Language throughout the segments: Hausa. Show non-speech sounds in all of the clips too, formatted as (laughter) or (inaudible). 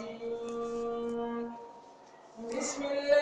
الرجيم بسم الله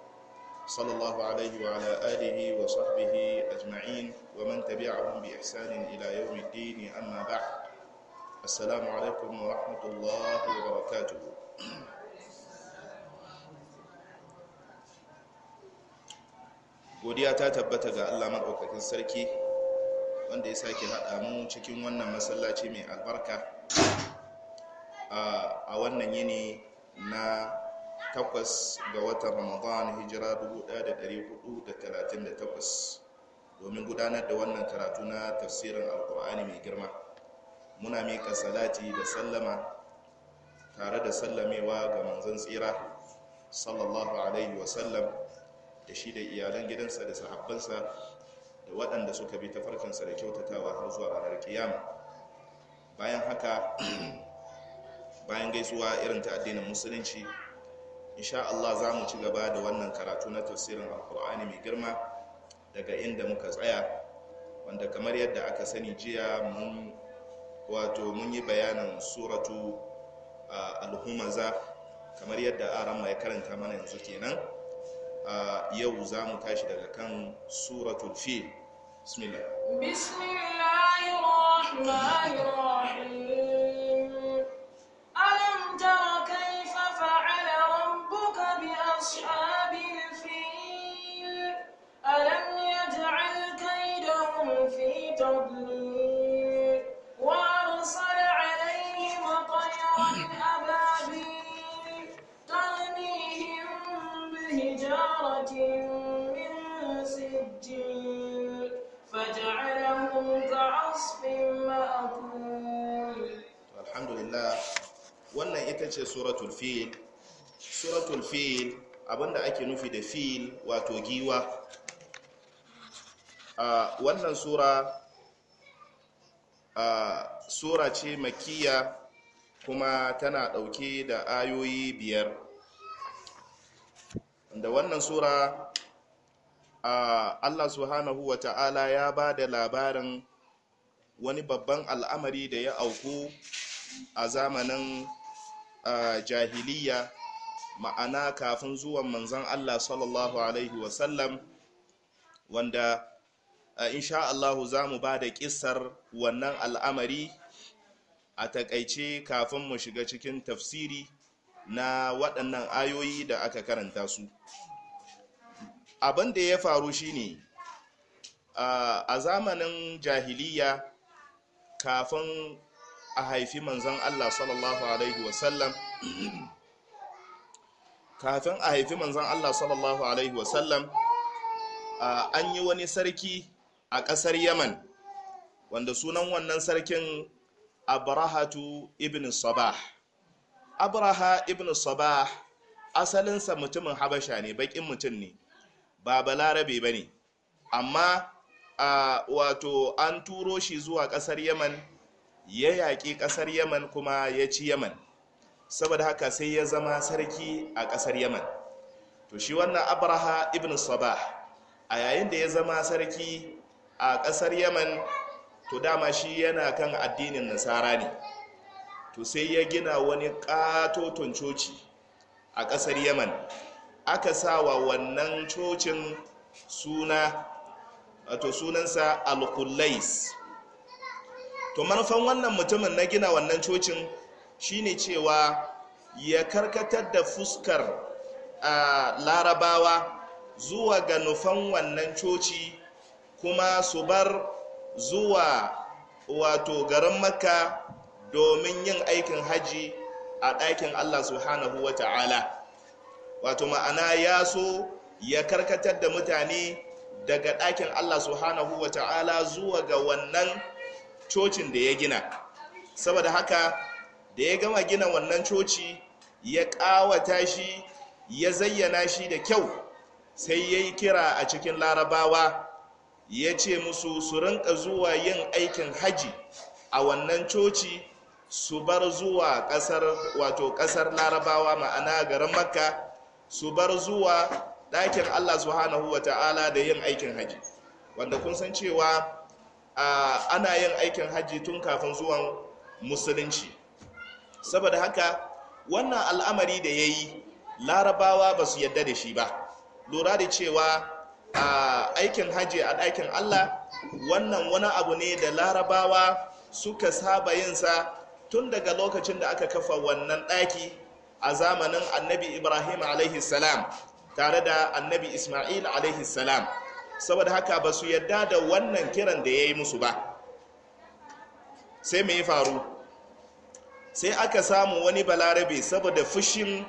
صلى الله عليه وعلى آله وصحبه أجمعين ومن تبعهم بإحسان إلى يوم الدين أما بعد السلام عليكم ورحمة الله وبركاته godiya ta tabbata ga Allah maɗaukakin sarki wanda ya sake haɗa mu cikin wannan masallaci mai albarka a wannan yini na takwas ga watan ramadan hijira 1438 domin gudanar da wannan karatu na tafsirin alkur'ani mai girma muna mika salati da sallama tare da sallamewa ga manzan tsira sallallahu alaihi wasallam da shi da iyalan gidansa da sahabbansa da waɗanda suka bi tafarkinsa da kyautatawa har zuwa ranar kiyama bayan haka bayan gaisuwa irin ta addinin musulunci insha Allah za mu ci gaba da wannan karatu na tafsirin alkur'ani mai girma daga inda muka tsaya wanda kamar yadda aka sani jiya mun wato mun yi bayanin suratu alhumaza kamar yadda ran mai karanta mana yanzu kenan yau za mu tashi daga kan suratu fi bismillah bismillahirrahmanirrahim alhamdulillah wannan ita ce suratul fil suratul fil abinda ake nufi da fil wato giwa a wannan sura a sura ce makiya kuma tana dauke da ayoyi biyar da wannan sura a allah subhanahu wa ta'ala ya ba da labarin wani babban al'amari da ya auku a zamanin jahiliya ma'ana kafin zuwan manzan Allah sallallahu alaihi wasallam wanda insha Allahu za mu ba da ƙisar wannan al'amari a takaice kafin mu shiga cikin tafsiri na waɗannan ayoyi da aka karanta su abinda ya faru shine a zamanin jahiliya kafin a haifi manzan Allah sallallahu alaihi wasallam kafin a haifi manzan Allah sallallahu alaihi wasallam an yi wani sarki a ƙasar Yaman wanda sunan wannan sarkin Abrahatu ibn Sabah Abraha ibn Sabah asalinsa mutumin Habasha ne bakin mutum ne ba balarabe ba ne amma wato an turo shi zuwa ƙasar Yaman ya yaƙi ƙasar yaman kuma ya ci yaman saboda haka sai ya zama sarki a ƙasar yaman to shi wannan abraha ibn Saba a yayin da ya zama sarki a ƙasar yaman to dama shi yana kan addinin nasara ne to sai ya gina wani ƙatoton coci a ƙasar yaman aka sa wa wannan cocin suna wato sunansa al to manufan wannan mutumin na gina wannan cocin shine cewa ya karkatar da fuskar a larabawa zuwa ga nufan wannan coci kuma su bar zuwa wato garin makka domin yin aikin haji a ɗakin allah subhanahu wa ta'ala wato ma'ana ya so ya karkatar da mutane daga ɗakin allah subhanahu wa ta'ala zuwa ga wannan cocin da ya gina saboda haka da ya gama gina wannan coci ya kawata shi ya zayyana shi da kyau sai ya yi kira a cikin larabawa ya ce musu su rinka zuwa yin aikin haji a wannan coci su bar zuwa ƙasar wato ƙasar larabawa ma'ana garin makka su bar zuwa ɗakin allah subhanahu wa ta'ala da yin aikin haji wanda kun san cewa ana yin aikin hajji tun kafin zuwan musulunci saboda haka wannan al'amari da ya yi larabawa ba su yadda da shi ba lura da cewa aikin hajji a ɗakin allah wannan wani abu ne da larabawa suka saba yinsa tun daga lokacin da aka kafa wannan ɗaki a zamanin annabi ibrahim a.s. tare da annabi ismail a.s. saboda haka ba su yarda da wannan kiran da ya yi musu ba sai mai faru sai aka samu wani balarabe saboda fushin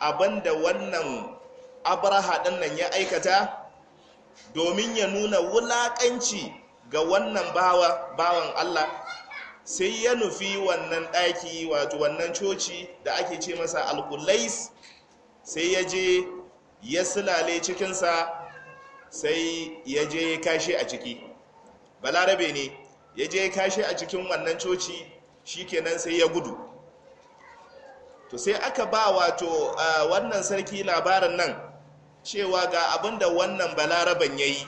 abinda wannan abraha nan ya aikata domin ya nuna wulaƙanci ga wannan bawan allah sai ya nufi wannan ɗaki wato wannan coci da ake ce masa alkulais sai ya je ya silale cikinsa sai ya je kashe a ciki balarabe ne ya je kashe a cikin wannan coci shi shikenan sai ya gudu to sai aka ba wato wannan sarki labarin nan cewa ga abin da wannan balaraban ya yi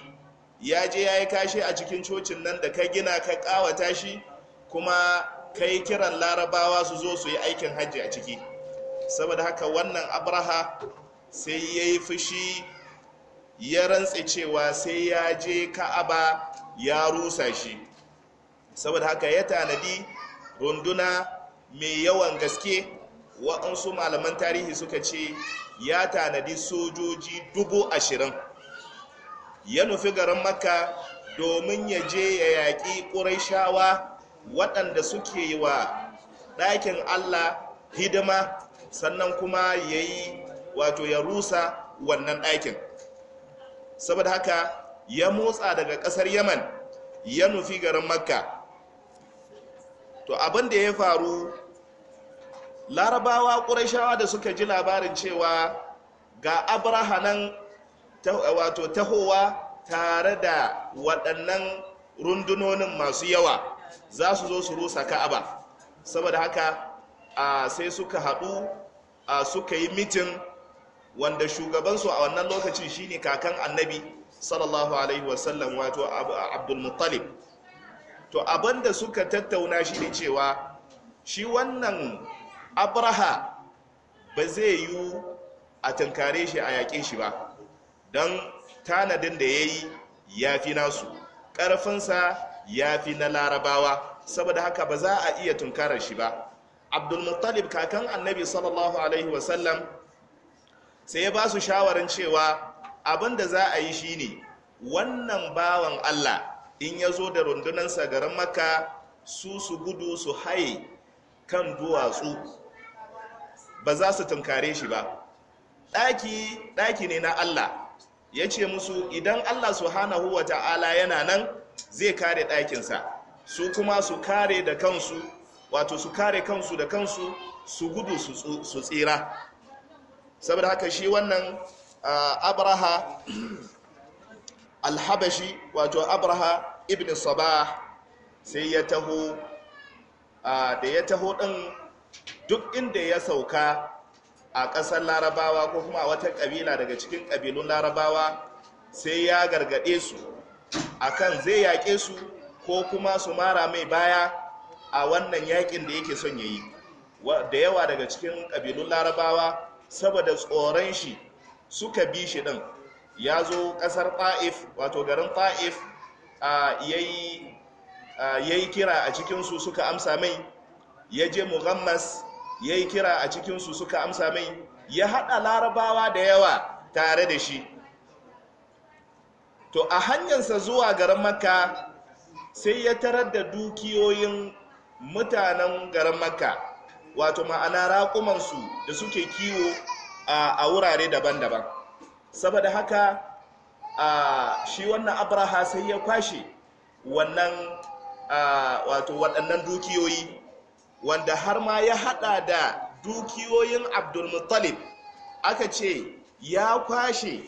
ya je ya yi kashe a cikin cocin nan da ka gina ka kawata shi kuma kai kiran larabawa su zo su yi aikin hajji a ciki saboda haka wannan abraha sai ya yi fushi ya rantse cewa sai ya je ka'aba ya rusa shi saboda haka ya tanadi runduna mai yawan gaske wa'ansu malaman tarihi suka ce ya tanadi sojoji dubu ashirin ya nufi garin makka domin ya je ya yaƙi ƙurai shawa waɗanda suke yi wa ɗakin allah hidima sannan kuma ya yi wato ya rusa wannan ɗakin saboda haka ya motsa daga kasar yaman ya nufi garin makka to abin da ya faru larabawa ƙurashawa da suka ji labarin cewa ga Abrahanan, wato tahowa tare da waɗannan rundunonin masu yawa za su zo su rusa ka'aba saboda haka sai suka haɗu suka yi mitin wanda shugabansu a wannan lokacin shine kakan annabi sallallahu alaihi wasallam wato abdul to abinda suka tattauna shi ne cewa shi wannan abraha ba zai yi a tunkare shi a yaƙe shi ba don tanadin da ya yi ya fi nasu ƙarfinsa ya fi na larabawa saboda haka ba za a iya tunkarar shi ba abdulmuttalib kakan annabi sallallahu alaihi wasallam sai ya ba su shawarar cewa abin da za a yi shine wannan bawan Allah in ya zo da rundunansa garin maka su su gudu su haye kan duwatsu ba za su tunkare shi ba ɗaki ɗaki ne na Allah ya ce musu idan Allah su hana huwa ta'ala yana nan zai kare ɗakinsa su kuma su kare da kansu wato su kare kansu da kansu su gudu su tsira saboda haka shi wannan abraha alhabashi wato abraha ibn sabah sai ya taho da ya taho ɗin duk inda ya sauka a ƙasar larabawa ko kuma a wata ƙabila daga cikin ƙabilun larabawa sai ya gargaɗe su akan zai yaƙe su ko kuma su mara mai baya a wannan yaƙin da yake son yayi da yawa daga cikin ƙabilun larabawa saboda tsoron shi suka bi shi ɗin, ya zo ƙasar ta'if wato garin ta'if ya yi kira a cikinsu suka amsa mai ya je muhammas ya yi kira a cikinsu suka amsa mai ya haɗa larabawa da yawa tare da shi to a hanyarsa zuwa garin makka sai ya tarar da dukiyoyin mutanen garin makka wato ma'ana raƙumansu da suke kiwo a wurare daban-daban saboda haka shi wannan abraha sai ya kwashe wannan wato waɗannan dukiyoyi wanda har ma ya haɗa da dukiyoyin Abdulmutalib, aka ce ya kwashe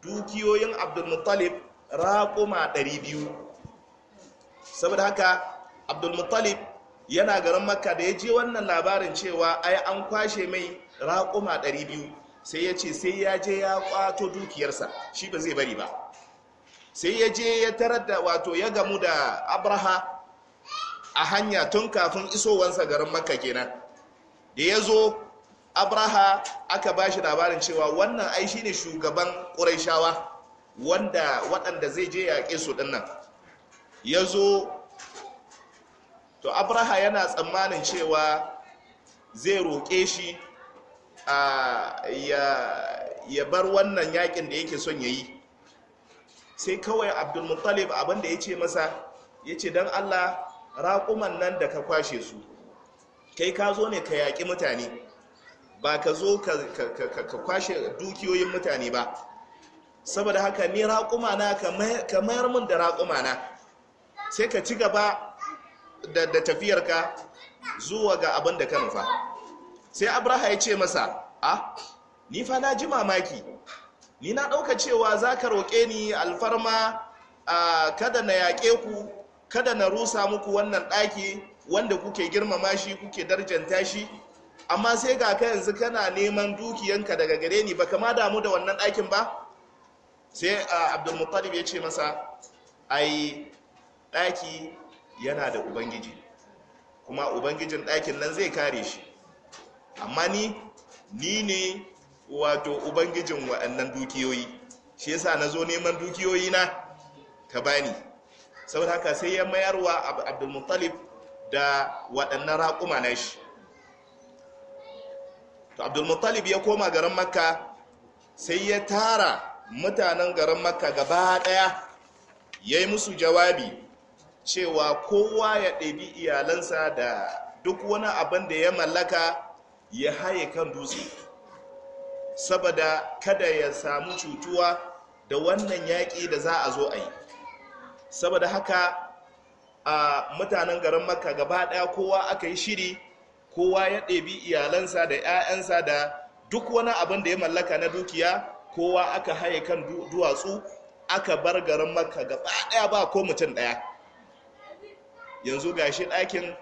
dukiyoyin Abdulmutalib raƙuma 200 saboda haka abdulmuttalib yana garin makka da ya je wannan labarin cewa ai an kwashe mai raƙuma 200 sai ya ce sai ya je ya kwato dukiyarsa shi ba zai bari ba sai ya je ya tarar da wato ya gamu da abraha a hanya tun kafin isowansa garin makka kenan da ya zo abraha aka ba shi labarin cewa wannan ai shine shugaban ƙuraishawa wanda waɗanda zai je yaƙe su nan ya zo to abraha yana tsammanin cewa zai roƙe shi ya bar wannan yakin da yake son yayi sai kawai abdulmuttalib abinda ya ce masa ya ce don allah raƙuman nan da ka kwashe su kai ka zo ne ka yaƙi mutane ba ka zo ka kwashe dukiyoyin mutane ba saboda haka ni raƙuma na ka mayar min da raƙuma na sai ka ci gaba da tafiyarka zuwa ga abin da ka nufa sai abraha ya ce masa a ni fa na ji mamaki ni na ɗauka cewa za ka roƙe ni alfarma kada na yaƙe ku kada na rusa muku wannan ɗaki wanda kuke girmama shi kuke darjanta shi amma sai ga ka yanzu kana neman dukiyanka daga gare ni ba kama damu da wannan ɗakin ba sai abdulmuttalib ya ce masa ai ɗaki yana da ubangiji kuma ubangijin ɗakin nan zai kare shi amma ni ni ne wato ubangijin waɗannan dukiyoyi shi yasa na zo neman dukiyoyi na ka bani saboda haka sai ya mayarwa abdulmuttalib da waɗannan raƙuma na shi to ya koma garin makka sai ya tara mutanen garin makka gaba ɗaya ya yi musu jawabi cewa kowa ya ɗabi iyalansa da duk wani abin da ya mallaka ya haye kan dutse saboda kada ya samu cutuwa da wannan yaƙi da za a zo a yi saboda haka a mutanen garin makka gaba ɗaya kowa aka yi shiri kowa ya ɗabi iyalansa da 'ya'yansa da duk wani abin da ya mallaka na dukiya kowa aka haye kan duwatsu aka bar garin makka gaba ɗaya ba ko mutum ɗaya yanzu ga shi ɗakin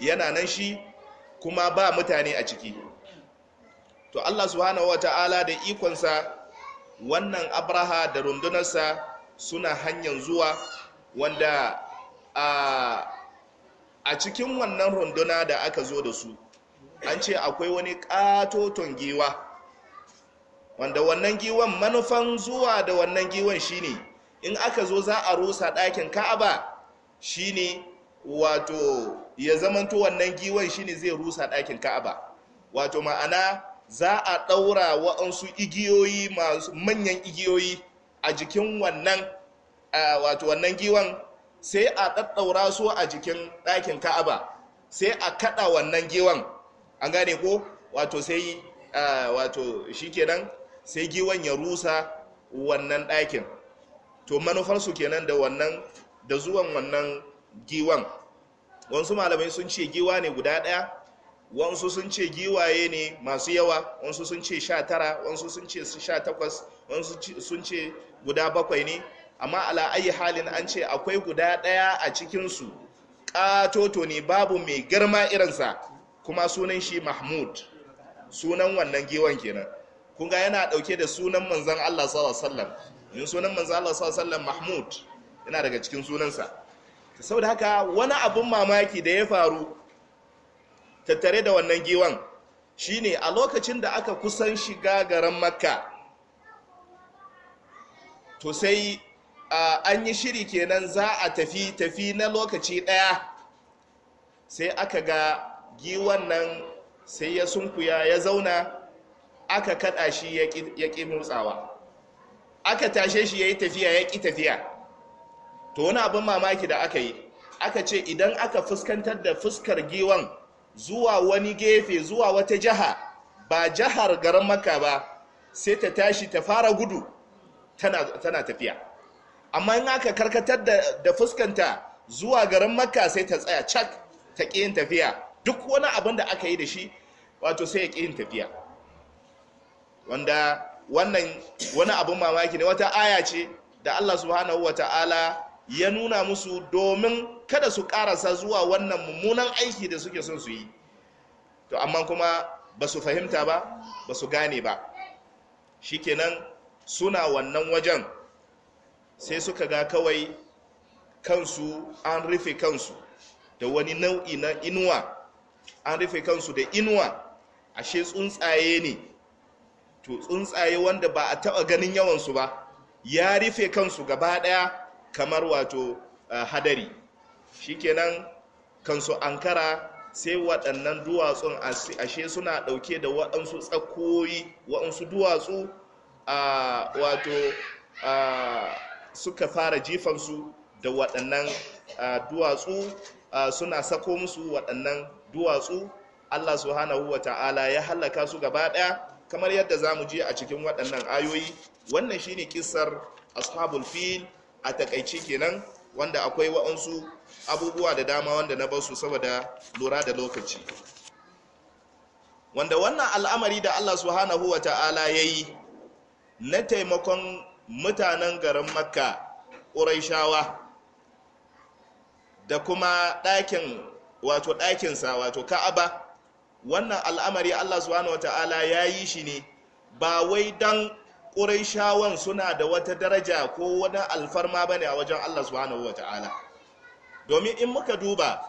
yana nan shi kuma ba mutane a ciki to allah subhanahu wa ta'ala da ikonsa wannan abraha da rundunarsa suna hanyar zuwa wanda a, a cikin wannan runduna da aka zo da su an ce akwai wani katoton giwa wanda wannan giwan manufan zuwa da wannan giwan shine in aka zo za a rusa ɗakin ka'aba shine wato ya zamanto wannan giwan shine zai rusa ɗakin ka'aba wato ma'ana za a ɗaura wa'ansu igiyoyi masu manyan igiyoyi a jikin wannan wato wannan giwan sai a ɗaɗɗaura su a jikin ɗakin ka'aba sai a kaɗa wannan giwan an gane ko wato sai wato shikenan sai giwan ya rusa wannan ɗakin to manufarsu kenan da wannan da zuwan wannan giwan wasu malamai sun ce giwa ne guda daya wasu sun ce giwaye ne masu yawa wasu sun ce sha tara wasu sun ce sha takwas wasu sun ce guda bakwai ne amma ala ayi halin an ce akwai guda daya a cikinsu katoto ne babu mai girma irinsa kuma sunan shi mahmud sunan wannan giwan kenan kun yana dauke da sunan manzan allah sallallahu alaihi wasallam sunan manzan allah sallallahu alaihi wasallam mahmud yana daga cikin sunansa saboda haka wani abin mamaki da ya faru tattare da wannan giwan shine a lokacin da aka kusan shiga garin makka to sai an yi shiri kenan za a tafi tafi na lokaci daya sai aka ga giwan nan sai ya sunkuya ya zauna aka kada shi ya ƙi motsawa aka tashe shi ya yi tafiya ya ƙi tafiya to wani abin mamaki da aka yi aka ce idan aka fuskantar da fuskar giwan zuwa wani gefe zuwa wata jaha ba jahar garin maka ba sai ta tashi ta fara gudu tana tafiya amma in aka karkatar da fuskanta zuwa garin maka sai ta tsaya cak ta ƙi tafiya duk wani abin da aka yi da shi wato sai ya ƙi tafiya wanda wannan wani abin mamaki ne wata aya ce da allah subhanahu wa ta'ala ya nuna musu domin kada su karasa zuwa wannan mummunan aiki da suke son su yi to amma kuma ba su fahimta ba ba su gane ba shikenan suna wannan wajen sai suka ga kawai kansu an rufe kansu da wani nau'i na inuwa an rufe kansu da inuwa ashe tsuntsaye ne to tsuntsaye wanda ba a taba ganin yawansu ba ya rufe kansu gaba daya kamar wato ah, hadari shikenan kansu ankara sai waɗannan duwatsun ashe suna ɗauke da waɗansu tsakoyi waɗansu duwatsu a wato suka fara jifansu da waɗannan duwatsu suna sako musu waɗannan duwatsu allah subhanahu wa ta'ala ya hallaka su gaba ɗaya kamar yadda za mu je a cikin waɗannan ayoyi wannan shine kisar ashabul fil a takaici kenan wanda akwai wa'ansu abubuwa da dama wanda na basu saboda lura da lokaci wanda wannan al'amari da Allah subhanahu wa ta'ala ya yi na taimakon mutanen garin makka ƙuraishawa da kuma ɗakin wato ɗakinsa wato ka'aba wannan al'amari Allah subhanahu wa ya yi shi ne ba wai don ƙuraishawan suna da wata daraja ko wani alfarma ba ne a wajen Allah subhanahu wa ta'ala domin in muka duba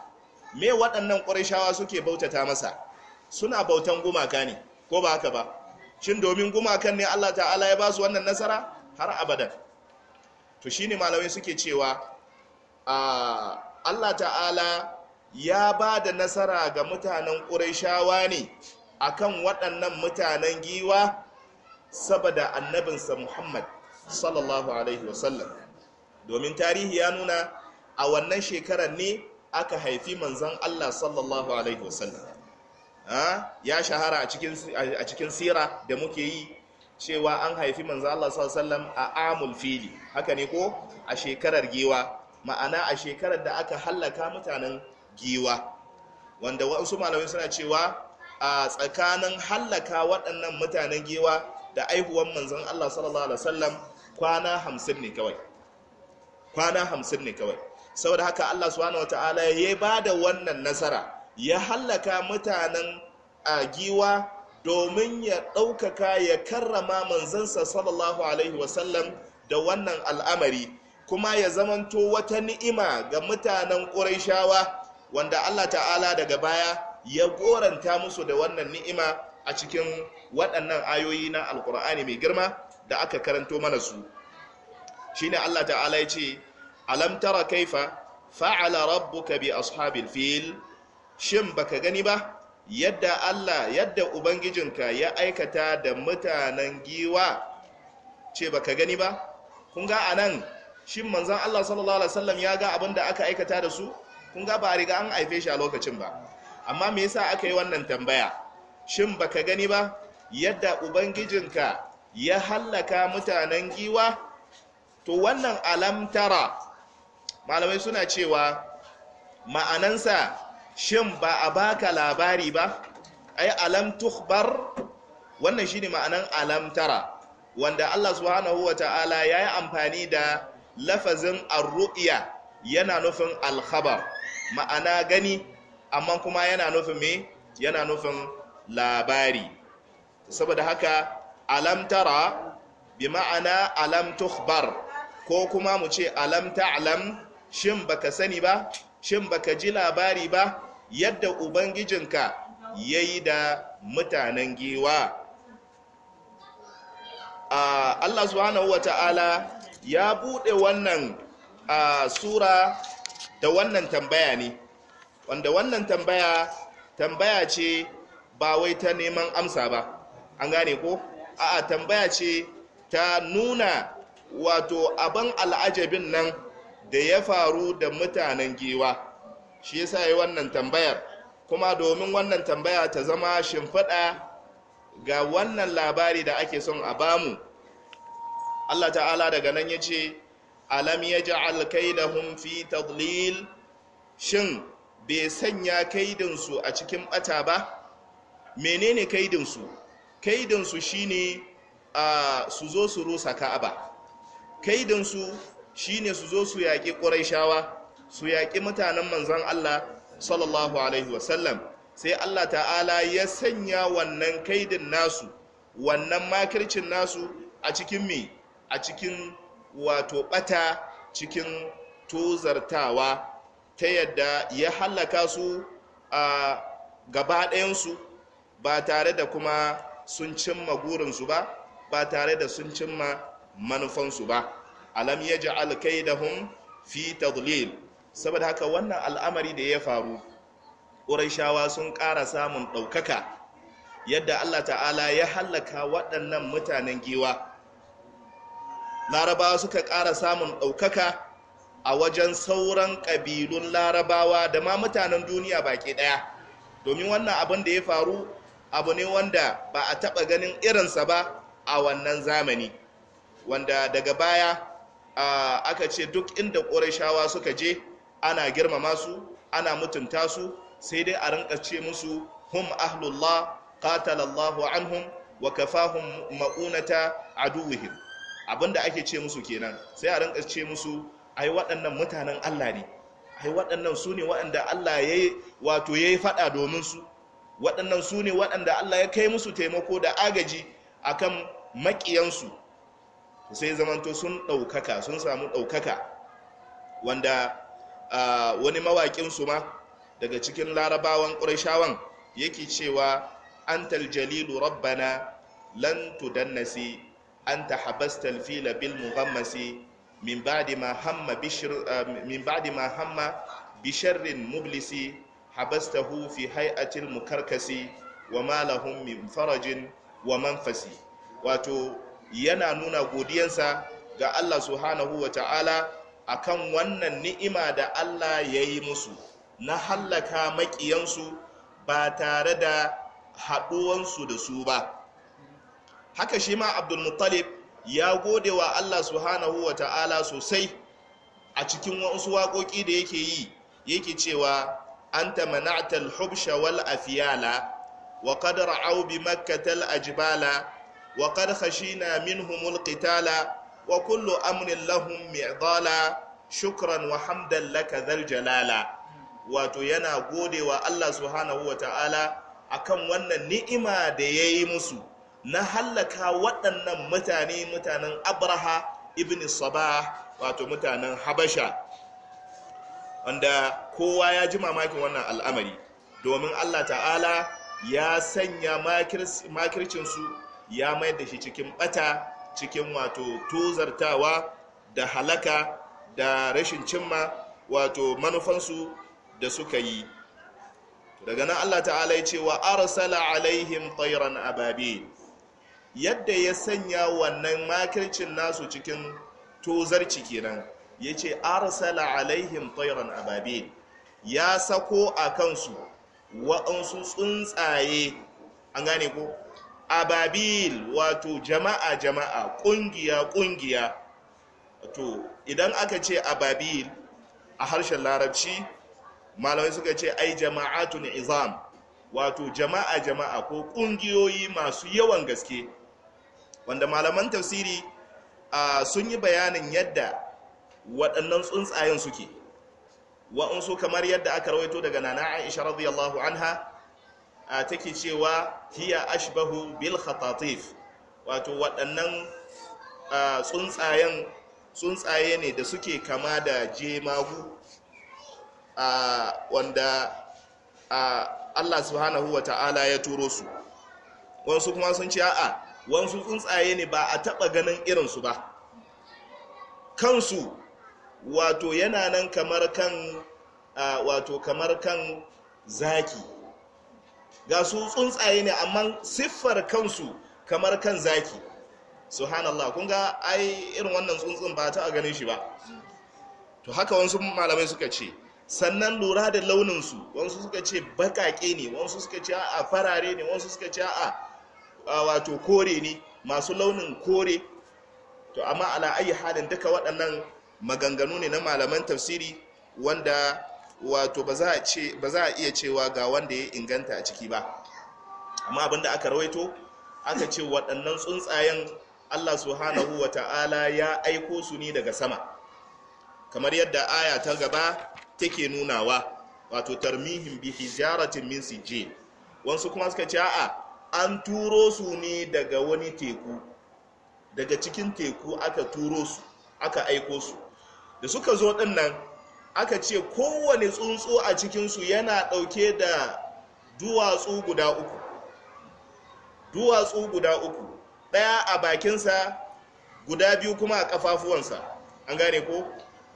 me waɗannan ƙuraishawa suke bautata masa suna bautan gumaka ne ko ba haka ba shin domin gumakan ne Allah ta'ala ya ba su wannan nasara har abadan to shi ne malamai suke cewa Allah ta'ala ya ba da nasara ga mutanen ƙuraishawa ne akan waɗannan mutanen giwa saboda annabinsa muhammad sallallahu alaihi wasallam domin tarihi ya nuna a wannan shekarar ne aka haifi manzan allah sallallahu alaihi wasallam ya shahara a cikin sira da muke yi cewa an haifi manzan allah sallallahu alaihi wasallam a amul fili haka ne ko a shekarar giwa ma'ana a shekarar da aka hallaka mutanen giwa wanda wasu malamai suna cewa a tsakanin hallaka waɗannan mutanen giwa da aihuwan manzan Allah sallallahu alaihi wasallam kwana hamsin ne kawai kwana hamsin ne kawai saboda haka Allah subhanahu wataala ya ba da wannan nasara ya hallaka mutanen a giwa domin ya ɗaukaka ya karrama manzansa sallallahu alaihi wasallam da wannan al'amari kuma ya zamanto wata ni'ima ga mutanen ƙuraishawa wanda Allah ta'ala daga baya ya goranta musu da wannan ni'ima a cikin waɗannan ayoyi na alkur'ani mai girma da aka karanto mana su shine Allah ta'ala ya ce 'Alamtara kaifa fa'ala rabbuka bi ashabil fil shin baka gani ba yadda Allah yadda ubangijinka ya aikata da mutanen giwa ce baka gani ba kun ga nan, shin manzan Allah sallallahu alaihi wasallam ya ga abin da aka aikata da su kun ga ba riga an haife shi a lokacin ba amma me yasa aka yi wannan tambaya shin baka gani ba yadda ubangijinka ya hallaka mutanen giwa to wannan alamtara malamai suna cewa ma'anansa shin ba a baka labari ba ai alam tuhbar wannan shine ma'anan alamtara wanda Allah subhanahu wata'ala ya yi amfani da lafazin arru'iya yana nufin alkhabar ma'ana gani amma kuma yana nufin me yana nufin labari saboda haka alam tara bi ma'ana alam tukhbar ko kuma mu ce alam shin baka sani ba shin baka ji labari ba yadda ubangijinka yayi da mutanen giwa Allah subhanahu ta'ala ya bude wannan sura da wannan tambaya ne wanda wannan tambaya tambaya ce ba wai ta neman amsa ba an gane ko a'a tambaya ce ta nuna wato abin al'ajabin nan da ya faru da mutanen giwa shi yasa yi wannan tambayar kuma domin wannan tambaya ta zama shimfiɗa ga wannan labari da ake son a bamu Allah ta'ala daga nan ya ce alam ya ji kaidahum fi tadlil shin bai sanya kaidinsu a cikin ɓata ba menene kaidinsu Kaidinsu shi a su zo su rusa ka'aba shi ne su zo su yaƙi ƙuraishawa su yaƙi mutanen manzan Allah sallallahu alaihi wasallam sai Allah ta'ala ya sanya wannan kaidin nasu wannan makircin nasu a cikin me a cikin wato ɓata, cikin tozartawa ta yadda ya hallaka su a gaba ba tare da kuma sun cimma burinsu ba ba tare da sun cimma manufansu ba alam ya ji alkaidahun fi tadlil saboda haka wannan al'amari da ya faru ƙuraishawa sun ƙara samun ɗaukaka yadda allah ta'ala ya hallaka waɗannan mutanen giwa larabawa suka ƙara samun ɗaukaka a wajen sauran ƙabilun larabawa da ma mutanen duniya baki ɗaya domin wannan abin da ya faru abu ne wanda ba a taɓa ganin irinsa ba a wannan zamani wanda daga baya aka ce duk inda ƙorashawa suka je ana girmama su ana mutunta su sai dai a rinka ce musu hum ahlullah qatalallahu anhum wa kafahum ma'unata aduwihim abinda ake ce musu kenan sai a rinka ce musu ai waɗannan mutanen Allah ne ai waɗannan su ne waɗanda Allah ya wato ya yi faɗa domin su waɗannan su ne waɗanda allah ya kai musu taimako da agaji akan maƙiyansu sai zamanto sun ɗaukaka sun samu ɗaukaka wanda wani mawaƙinsu ma daga cikin larabawan ƙurashawan yake cewa antal jalilu rabbana lan tudannasi anta habastal fila bil muhammasi min ba'di ma hamma min ba'di ma hamma bisharrin mublisi habastahu fi mu karkasi wa ma min farajin wa manfasi wato yana nuna godiyansa ga Allah subhanahu ta'ala akan wannan ni'ima da Allah ya yi musu na hallaka maƙiyansu ba tare da haɗuwansu da su ba haka shi ma abdulmuttalib ya gode wa Allah subhanahu wa ta'ala sosai a cikin wasu waƙoƙi da yake yi yake cewa أنت منعت الحبش والأفيال وقد رعوا بمكة الأجبال وقد خشينا منهم القتال وكل أمر لهم معضالا شكرا وحمدا لك ذا الجلال wato yana gode wa Allah subhanahu wa ta'ala wannan ni'ima da ya yi musu na hallaka waɗannan mutane mutanen abraha ibn sabah wato mutanen habasha wanda kowa ya ji mamakin wannan al'amari domin allah ta'ala ya sanya makircinsu ya mayar da shi cikin bata cikin wato tozartawa da halaka da rashin cimma wato manufansu da suka yi daga nan allah ta'ala ya ce wa arsala alaihim tayran ababe. yadda ya sanya wannan makircin nasu cikin tozarci kenan ya ce arsala alaihim tairan ababil ya sako a kansu wa'ansu tsuntsaye an gane ko ababil wato jama'a jama'a ƙungiya ƙungiya to idan aka ce ababil a harshen larabci malamai suka ce ai jama'atun izam wato jama'a jama'a ko ƙungiyoyi masu yawan gaske wanda malaman tafsiri sun yi bayanin yadda waɗannan tsuntsayen suke wa'unsu kamar yadda aka rawaito daga nana aisha radiyallahu anha a take cewa hiya ashbahu bil khatatif wato waɗannan tsuntsayen tsuntsaye ne da suke kama da jemagu wanda Allah subhanahu wa ta'ala ya turo su wasu kuma sun ce a'a wasu tsuntsaye ne ba a taɓa ganin irinsu ba kansu wato yana nan kamar kan wato kamar kan zaki ga su tsuntsaye ne amma siffar kansu kamar kan zaki subhanallah kun ga ai irin wannan tsuntsun ba ta a ganin shi ba to haka wasu malamai suka ce sannan lura da launinsu wasu suka ce bakake ne wasu suka ce a farare ne wasu suka ce a wato kore ne masu launin kore to amma ala ayi halin duka waɗannan maganganu ne na malaman tafsiri wanda wato ba za a iya cewa ga wanda ya inganta a ciki ba amma abinda aka rawaito aka ce waɗannan tsuntsayen allah subhanahu wa ta'ala ya aiko su ne daga sama kamar yadda aya ta gaba take nunawa wato tarmihin bihi, ziyaratin min sijil wasu kuma suka ce a'a an turo su ne daga wani teku daga cikin teku aka turo su aka aiko su da suka zo dinnan aka ce kowane tsuntsu a cikinsu yana ɗauke da duwatsu guda uku duwatsu guda uku ɗaya a bakinsa guda biyu kuma a ƙafafuwansa an gane ko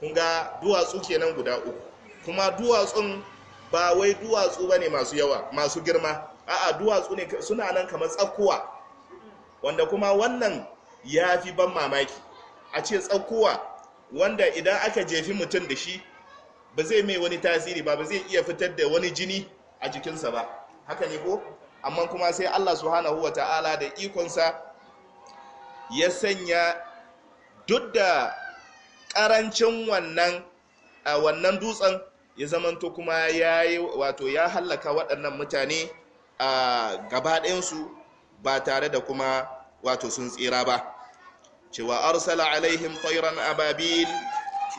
kunga duwatsu kenan guda uku kuma duwatsun ba wai duwatsu ba ne masu yawa masu girma a'a duwatsu ne suna nan kamar tsakkuwa wanda kuma wannan ya fi ban mamaki a ce tsakkuwa. wanda idan aka jefi mutum da shi ba zai mai wani tasiri ba ba zai iya fitar da wani jini a jikinsa ba haka ne ko amma kuma sai allah subhanahu wa ta'ala da ikonsa ya sanya duk da karancin wannan a wannan dutsen ya zamanto kuma ya yi wato ya hallaka waɗannan mutane a gabaɗinsu ba tare da kuma wato sun tsira ba cewa arsala alaihim tairan ababil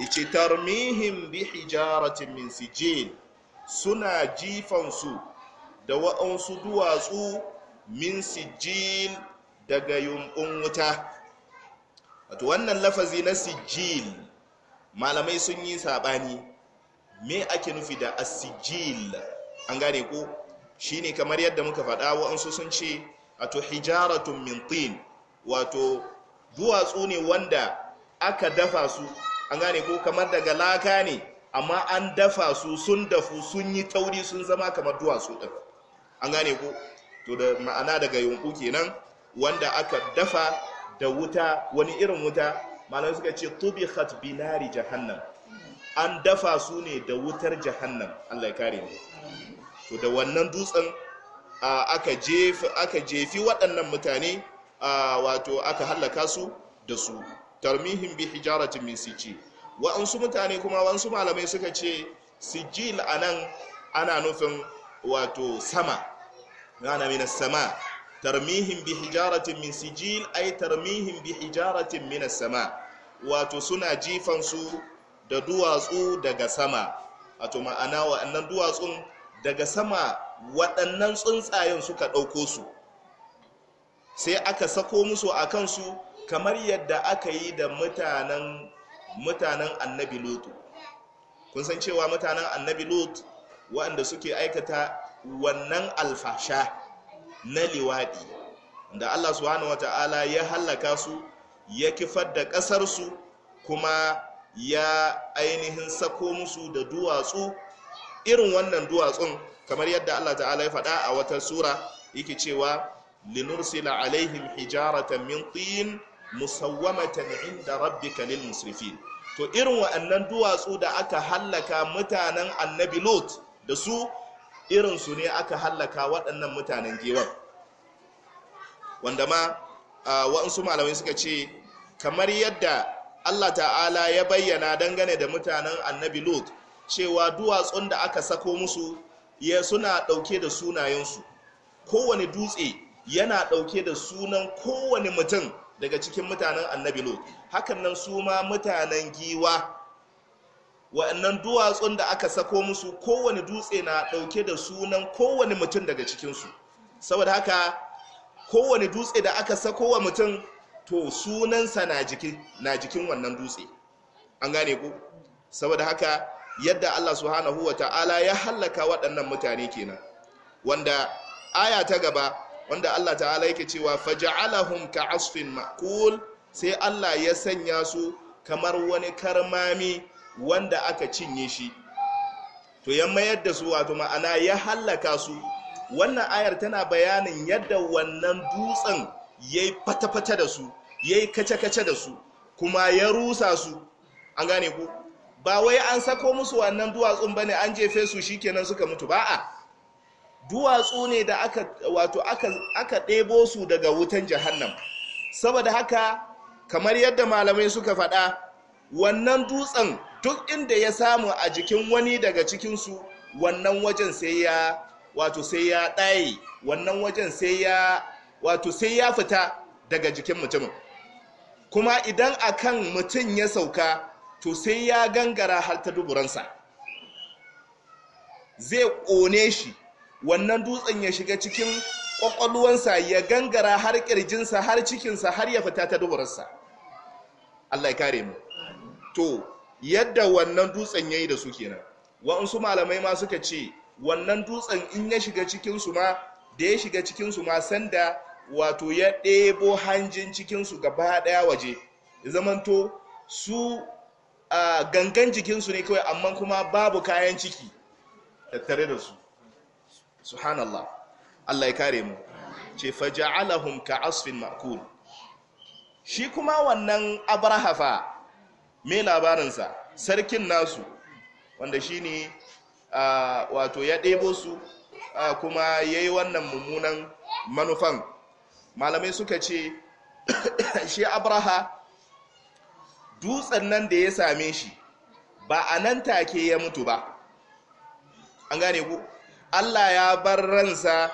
ice tarmihim bi hijaratin min sijil suna jifansu da wa'ansu duwatsu min sijil daga yumbun wuta wato wannan lafazi na sijil malamai sun yi sabani me ake nufi da asijil an gane Shi shine kamar yadda muka faɗa wa'ansu sun ce wato hijaratun mintin wato duwatsu ne wanda aka dafa su an gane ko kamar daga laka ne amma an dafa su sun dafu sun yi tauri sun zama kamar duwatsu ɗin an gane ko to da ma'ana daga yunku kenan wanda aka dafa da wuta wani irin wuta malamai suka ce tubihat binari jahannam an dafa su ne da wutar jahannam Allah ya kare mu to da wannan dutsen aka jefi waɗannan mutane wato aka hallaka su da su tarmihin bi hijaratin min sijil wa'ansu mutane kuma wa'ansu malamai suka ce sijil anan ana nufin wato sama ana min sama tarmihin bi hijaratin min sijil ay tarmihin bi hijaratin min sama wato suna jifan su da duwatsu daga sama wato ma'ana wa'annan duwatsun daga sama waɗannan tsuntsayen suka ɗauko su sai aka sako musu a kansu kamar yadda aka yi da mutanen annabi lutu kun san cewa mutanen annabi lutu waɗanda suke aikata wannan alfasha na liwaɗi da allah subhanahu wata'ala ya hallaka su ya kifar da ƙasarsu kuma ya ainihin sako musu da duwatsu irin wannan duwatsun kamar yadda allah ta'ala ya faɗa a wata sura yake cewa linursila alaihim hijaratan min tin musawwamatan inda rabbika lil to irin wa'annan duwatsu da aka hallaka mutanen annabi lot da su irin su ne aka hallaka waɗannan mutanen gewar wanda ma wa'ansu malamai suka ce kamar yadda Allah ta'ala ya bayyana dangane da mutanen annabi lot cewa duwatsun da aka sako musu ya suna ɗauke da sunayensu kowane dutse yana ɗauke da sunan kowane mutum daga cikin mutanen annabi lot hakan nan su ma mutanen giwa wa'annan duwatsun da aka sako musu kowane dutse na ɗauke da sunan kowane mutum daga cikinsu saboda haka kowane dutse da aka sako wa mutum to sunansa na jikin wannan dutse an gane ku saboda haka yadda allah subhanahu wa ta'ala ya hallaka waɗannan mutane kenan wanda aya ta gaba wanda Allah ta'ala yake cewa "Faja faja'alahum ka'asfin ma'kul sai Allah ya sanya su kamar wani karmami wanda aka cinye shi to ya mayar su wato ma'ana ya hallaka su wannan ayar tana bayanin yadda wannan dutsen ya yi fata-fata da su ya yi kace-kace da su kuma ya rusa su an gane ku ba wai an sako musu wannan duwatsun ba ne an jefe su shikenan suka mutu ba a duwatsu ne da aka wato aka aka ɗebo su daga wutan jahannam saboda haka kamar yadda malamai suka faɗa wannan dutsen duk inda ya samu a jikin wani daga cikinsu wannan wajen sai ya wato sai ya ɗaye wannan wajen sai ya wato sai ya fita daga jikin mutumin kuma idan akan mutum ya sauka to sai ya gangara har ta duburansa zai ƙone shi wannan dutsen ya shiga cikin kwakwalwansa ya gangara har kirjinsa har cikinsa har ya fita ta duburarsa Allah ya kare mu to yadda wannan dutsen ya yi da su kenan wa'ansu malamai ma suka ce wannan dutsen in ya shiga cikinsu ma da ya shiga cikinsu ma sanda wato ya ɗebo hanjin cikinsu gaba ɗaya waje zamanto su gangan jikinsu ne kawai amma kuma babu kayan ciki tattare da su subhanallah Allah ya kare mu ce faja'alahum ka'asfin ma'kul shi kuma wannan abrahafa fa me labarinsa sarkin nasu wanda shine wato ya ɗebo su kuma ya yi wannan mummunan manufan malamai suka ce (coughs) shi abraha dutsen nan da ya same shi ba a nan take ya mutu ba an gane ku allah ya bar ransa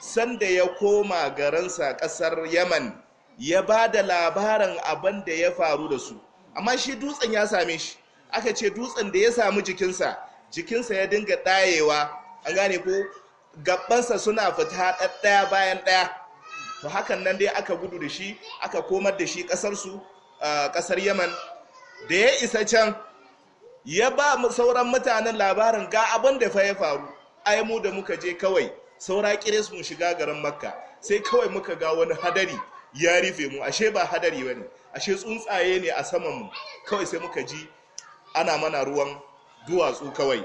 sanda ya koma garinsa ƙasar yaman ya ba da labarin abin da ya faru da su amma shi dutsen ya same shi aka ce dutsen da ya samu jikinsa jikinsa ya dinga ɗayewa an gane ko gabansa suna fita ɗaya bayan ɗaya to hakan nan dai aka gudu da shi aka komar da shi ƙasarsu ƙasar yaman da ya isa can ya ba sauran mutanen labarin ga abin da fa ya faru ai mu da muka je kawai saura kiris mu shiga garin makka sai kawai muka ga wani hadari ya rufe mu ashe ba hadari bane ashe tsuntsaye ne a saman mu kawai sai muka ji ana mana ruwan duwatsu kawai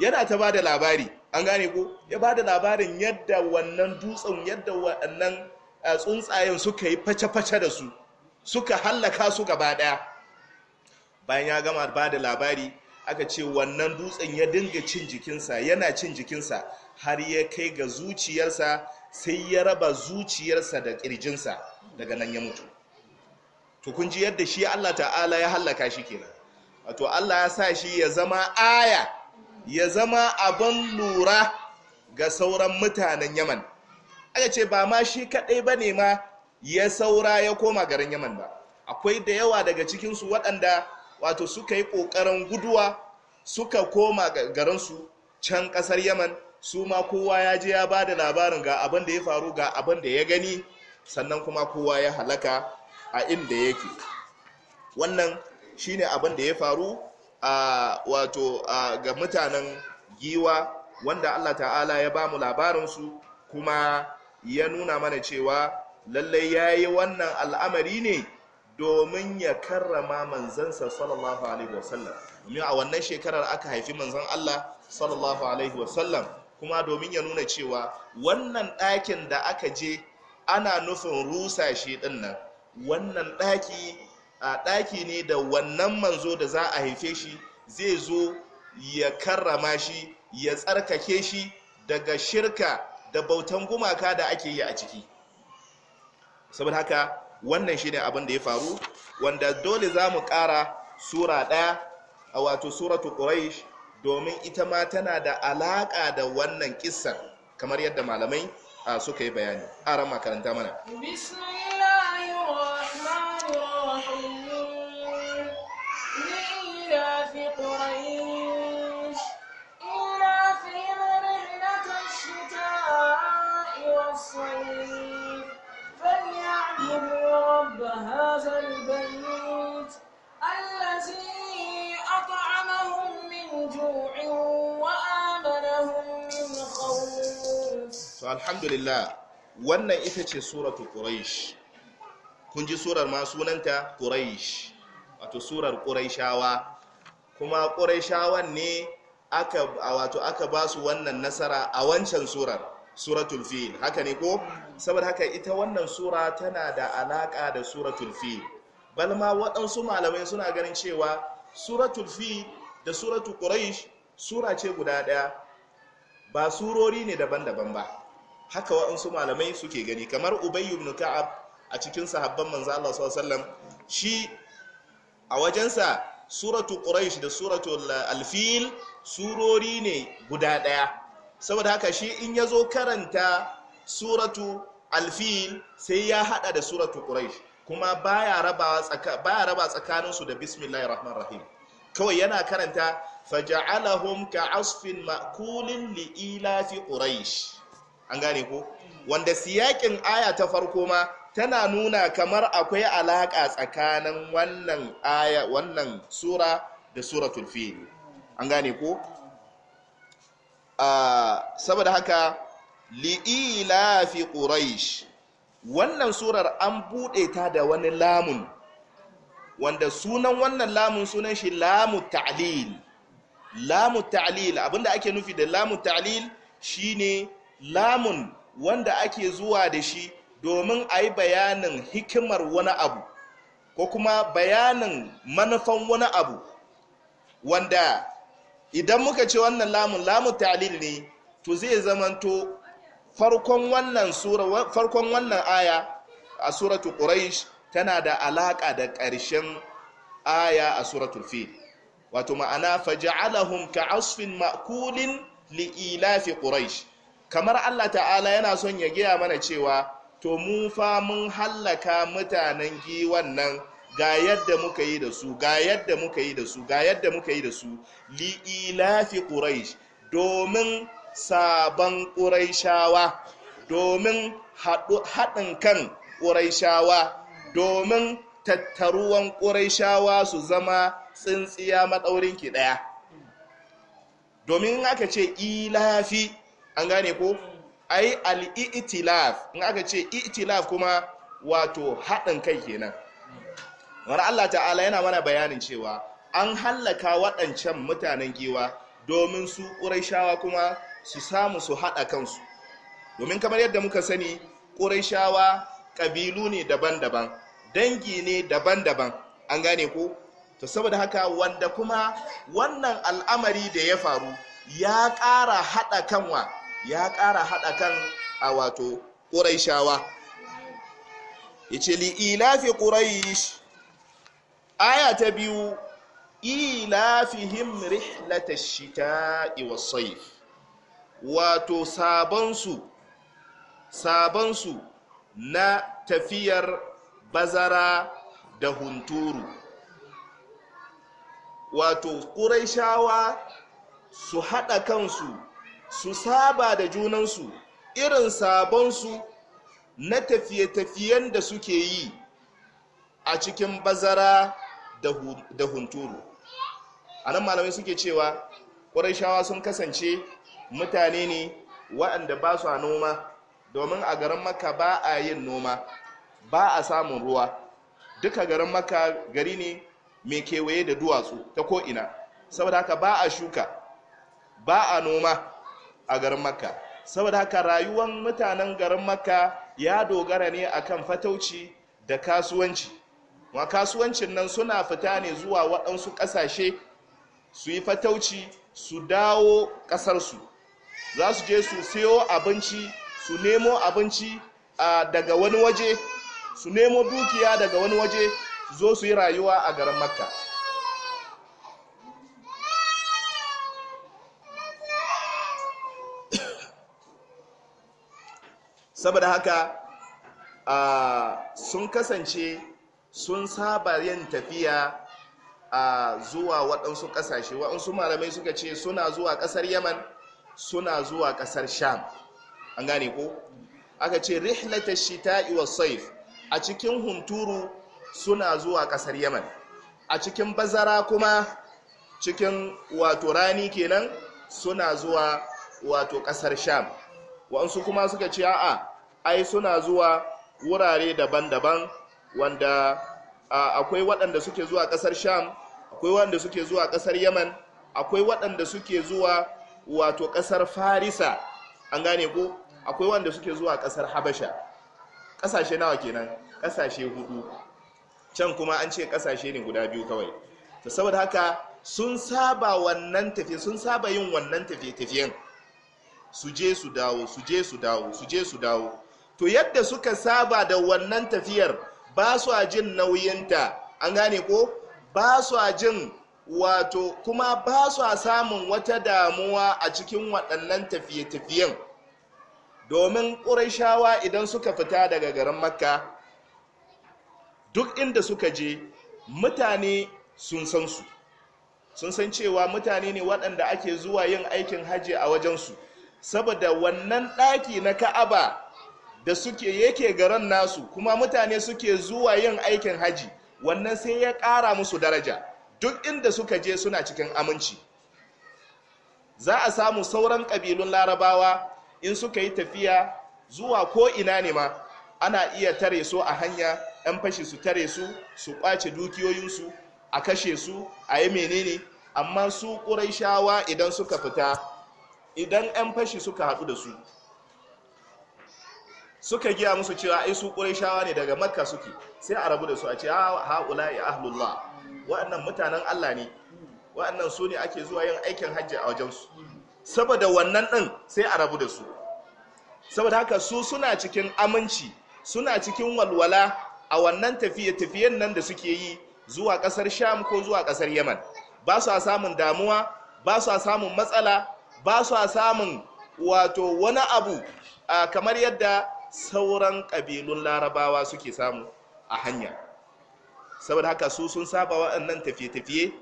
yana ta ba da labari an gane ko ya ba da labarin yadda wannan dutsen yadda wannan tsuntsayen suka yi face-face da su suka hallaka su gaba daya bayan ya gama ba da labari aka ce wannan dutsen ya dinga cin jikinsa yana cin jikinsa har ya kai ga zuciyarsa sai ya raba zuciyarsa da kirjinsa daga nan ya mutu to yadda shi Allah ta'ala ya hallaka shi kenan wato Allah ya sa shi ya zama aya ya zama abin lura ga sauran mutanen Yaman aka ce ba ma shi kadai ne ma ya saura ya koma garin Yaman ba akwai da yawa daga cikinsu waɗanda wato suka yi ƙoƙarin guduwa suka koma garinsu can ƙasar yaman su ma kowa ya je ya ba da labarin ga abin da ya faru ga abin da ya gani sannan kuma kowa ya halaka a inda yake wannan shine abin da ya faru a wato ga mutanen giwa wanda allah ta'ala ya ba mu labarinsu kuma ya nuna mana cewa lallai ya yi wannan al'amari ne domin ya karrama manzansa sallallahu alaihi wasallam domin a wannan shekarar aka haifi manzan Allah sallallahu alaihi wasallam kuma domin ya nuna cewa wannan ɗakin da aka je ana nufin rusa shi dinnan. wannan ɗaki a ɗaki ne da wannan manzo da za a haife shi zai zo ya karrama shi ya tsarkake shi daga shirka da bautan gumaka da ake yi a ciki saboda haka wannan shi ne abin da ya faru wanda dole za mu ƙara sura ɗaya a wato suratu quraish domin ita ma tana da alaƙa da wannan kissan kamar yadda malamai suka yi bayani a ran makaranta mana Thank you. هذا البيت الذي أطعمهم من جوع وآمنهم من خوف لله wannan ita ce suratu quraish kun ji surar ma sunanta quraish wato surar quraishawa kuma quraishawan ne aka wato aka ba su wannan nasara a wancan surar suratul fil haka ne ko saboda haka ita wannan sura tana da alaka da suratul fi balma waɗansu malamai suna ganin cewa suratul fi da suratul quraish sura ce guda ɗaya ba surori ne daban-daban ba haka waɗansu malamai suke gani kamar ubay ibn ka'ab a cikin sahabban manzo Allah sallallahu wasallam shi a wajensa suratul quraish da suratul eh, alfil surori ne guda ɗaya saboda haka shi in ya zo karanta suratu alfil sai ya hada da suratu quraish kuma baya raba tsakaninsu da bismillahir rahman rahim kawai yana karanta faja'alahum ka'asfin ma'kulin li'ilafi quraish an gane ko wanda siyakin aya ta farko ma tana nuna kamar akwai alaka tsakanin wannan aya wannan sura da suratul fil an gane ko ah, saboda haka li'ilafi quraish wannan surar an buɗe ta da wani lamun wanda sunan wannan lamun sunan shi lamu ta'lil lamu ta'lil abinda ake nufi da lamu ta'lil shine lamun wanda ake zuwa da shi domin a yi bayanin hikimar wani abu ko kuma bayanin manufan wani abu wanda idan muka ce wannan lamun lamu ta'lil ne to zai zamanto farkon wannan aya a suratu quraish tana da alaƙa da ƙarshen aya a suratu fil wato ma'ana faj'alahum ka'asfin ma'kulin li'ilafi quraish kamar Allah ta'ala yana son ya gaya mana cewa to mu fa mun hallaka mutanen giwan nan ga yadda muka yi da su ga yadda muka yi da su ga yadda muka yi da su li'ilafi quraish domin sabon ƙuraishawa domin haɗin kan ƙuraishawa domin tattaruwan ƙuraishawa su zama tsintsiya maɗaurinki ɗaya domin aka ce ilafi an gane ko ai al'itilaf in aka ce itilaf kuma wato haɗin kai kenan wani allah ta'ala yana mana bayanin cewa an hallaka waɗancan mutanen giwa domin su ƙuraishawa kuma su samu su haɗa kansu domin kamar yadda muka sani ƙuraishawa ƙabilu ne daban-daban dangi ne daban-daban an gane ko to saboda haka wanda kuma wannan al'amari da ya faru ya ƙara haɗa kanwa ya ƙara haɗa kan a wato ƙuraishawa ya ce li'ilafi ƙuraish aya ta biyu ilafihim rihlatash shita'i was wato sabonsu sabansu na tafiyar bazara da hunturu wato ƙuraishawa su haɗa kansu su saba da junansu irin sabonsu na tafiye-tafiyen da suke yi a cikin bazara da hunturu a nan malamai suke cewa ƙuraishawa shawa sun kasance mutane ne waɗanda ba su a noma domin a garin maka ba a yin noma ba a samun ruwa duka garin maka gari ne mai kewaye da duwatsu ta ko'ina saboda haka ba a shuka ba a noma a garin maka saboda haka rayuwar mutanen garin maka ya dogara ne akan fatauci da kasuwanci wa kasuwancin nan suna fita ne zuwa waɗansu ƙasashe su yi fatauci su dawo ƙasarsu za su je su siyo abinci su nemo abinci daga wani waje su nemo dukiya daga wani waje su zo su yi rayuwa a garin makka saboda haka sun kasance sun saba yin tafiya a zuwa waɗansu ƙasashe waɗansu malamai suka ce suna zuwa ƙasar yaman suna zuwa kasar sham an gane ko aka ce rihlata shita iwa saif a cikin hunturu suna zuwa kasar yaman a cikin bazara kuma cikin wato rani kenan suna zuwa wato kasar sham wa'ansu kuma suka ce a'a ai suna zuwa wurare daban-daban wanda akwai waɗanda suke zuwa kasar sham akwai waɗanda suke zuwa kasar yaman akwai waɗanda suke zuwa wato kasar farisa an gane ko akwai wanda suke zuwa kasar habasha kasashe nawa kenan kasashe hudu can kuma an ce kasashe ne guda biyu kawai ta saboda haka sun saba wannan tafiye sun saba yin wannan tafiye-tafiyen su je su dawo su je su dawo su je su dawo to yadda suka saba da wannan tafiyar ba su a jin nauyinta an gane ko ba su a jin wato kuma ba su samun wata damuwa a cikin waɗannan tafiye-tafiyen domin ƙurashawa idan suka fita daga garin makka duk inda suka je mutane sun san su sun san cewa mutane ne waɗanda ake zuwa yin aikin hajji a wajensu saboda wannan ɗaki na ka'aba da suke yake garin nasu kuma mutane suke zuwa yin aikin hajji wannan sai ya ƙara musu daraja duk inda suka je suna cikin aminci za a samu sauran ƙabilun larabawa in suka yi tafiya zuwa ko ina ne ma ana iya tare su a hanya 'yan fashi su tare su su ƙwace dukiyoyinsu a kashe su a yi menene amma su shawa idan suka fita idan 'yan fashi suka haɗu da su suka giya musu cewa ai su shawa ne daga makka suke sai a rabu da su a ce ah, ha'ula ya ahlullah Wa'annan mutanen Allah ne Wa'annan su ne ake zuwa yin aikin hajji a wajensu saboda wannan ɗin sai a rabu da su saboda haka su suna cikin aminci suna cikin walwala a wannan tafiye-tafiyen nan da suke yi zuwa ƙasar sham ko zuwa ƙasar yaman ba su a samun damuwa ba su a samun matsala ba su a samun wato wani abu kamar yadda sauran ƙabilun larabawa suke samu a hanya saboda haka su sun saba waɗannan tafiye-tafiye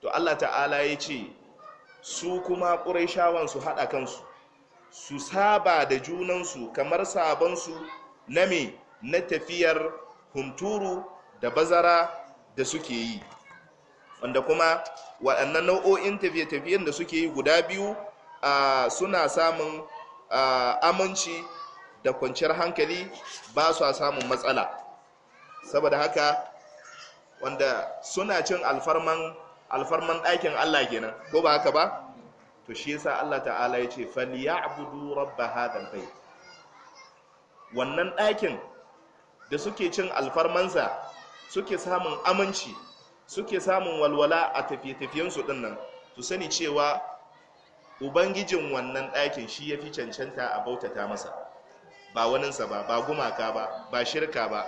to Allah ta'ala ya ce su kuma ƙuraishawan su haɗa kansu su saba da junansu kamar sabansu na me na tafiyar hunturu da bazara da suke yi wanda kuma waɗannan nau'o'in tafiye-tafiyen da suke yi guda biyu suna samun aminci da kwanciyar hankali ba su samun matsala saboda haka wanda suna cin alfarman alfarman ɗakin Allah kenan ko ba haka ba to shi yasa Allah ta'ala ya ce falyabudu rabb hadha albayt wannan ɗakin da suke cin alfarmansa suke samun aminci suke samun walwala a tafiye-tafiyensu ɗinnan, dinnan to sani cewa ubangijin wannan ɗakin shi yafi cancanta a bautata masa ba waninsa ba ba gumaka ba ba shirka ba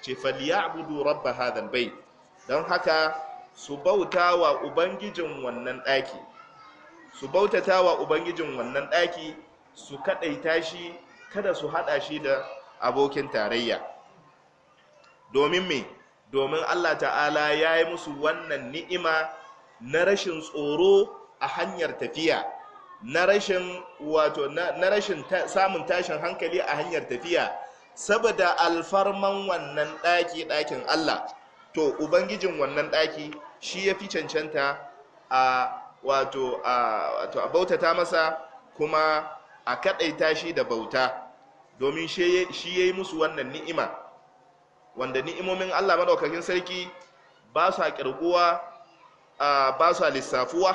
ce falyabudu rabba hadhal bai. don haka su bauta wa ubangijin wannan ɗaki su bautata wa ubangijin wannan ɗaki su kaɗai shi kada su haɗa shi da abokin tarayya domin me domin allah ta'ala ya yi musu wannan ni'ima na rashin tsoro a hanyar tafiya na rashin wato na rashin samun tashin hankali a hanyar tafiya saboda alfarman wannan ɗaki ɗakin Allah to ubangijin wannan ɗaki shi ya fi cancanta a wato a bautata masa kuma a kaɗaita shi da bauta domin shi ya yi musu wannan ni'ima wanda ni'imomin Allah maɗaukakin sarki ba su haƙirguwa ba su lissafuwa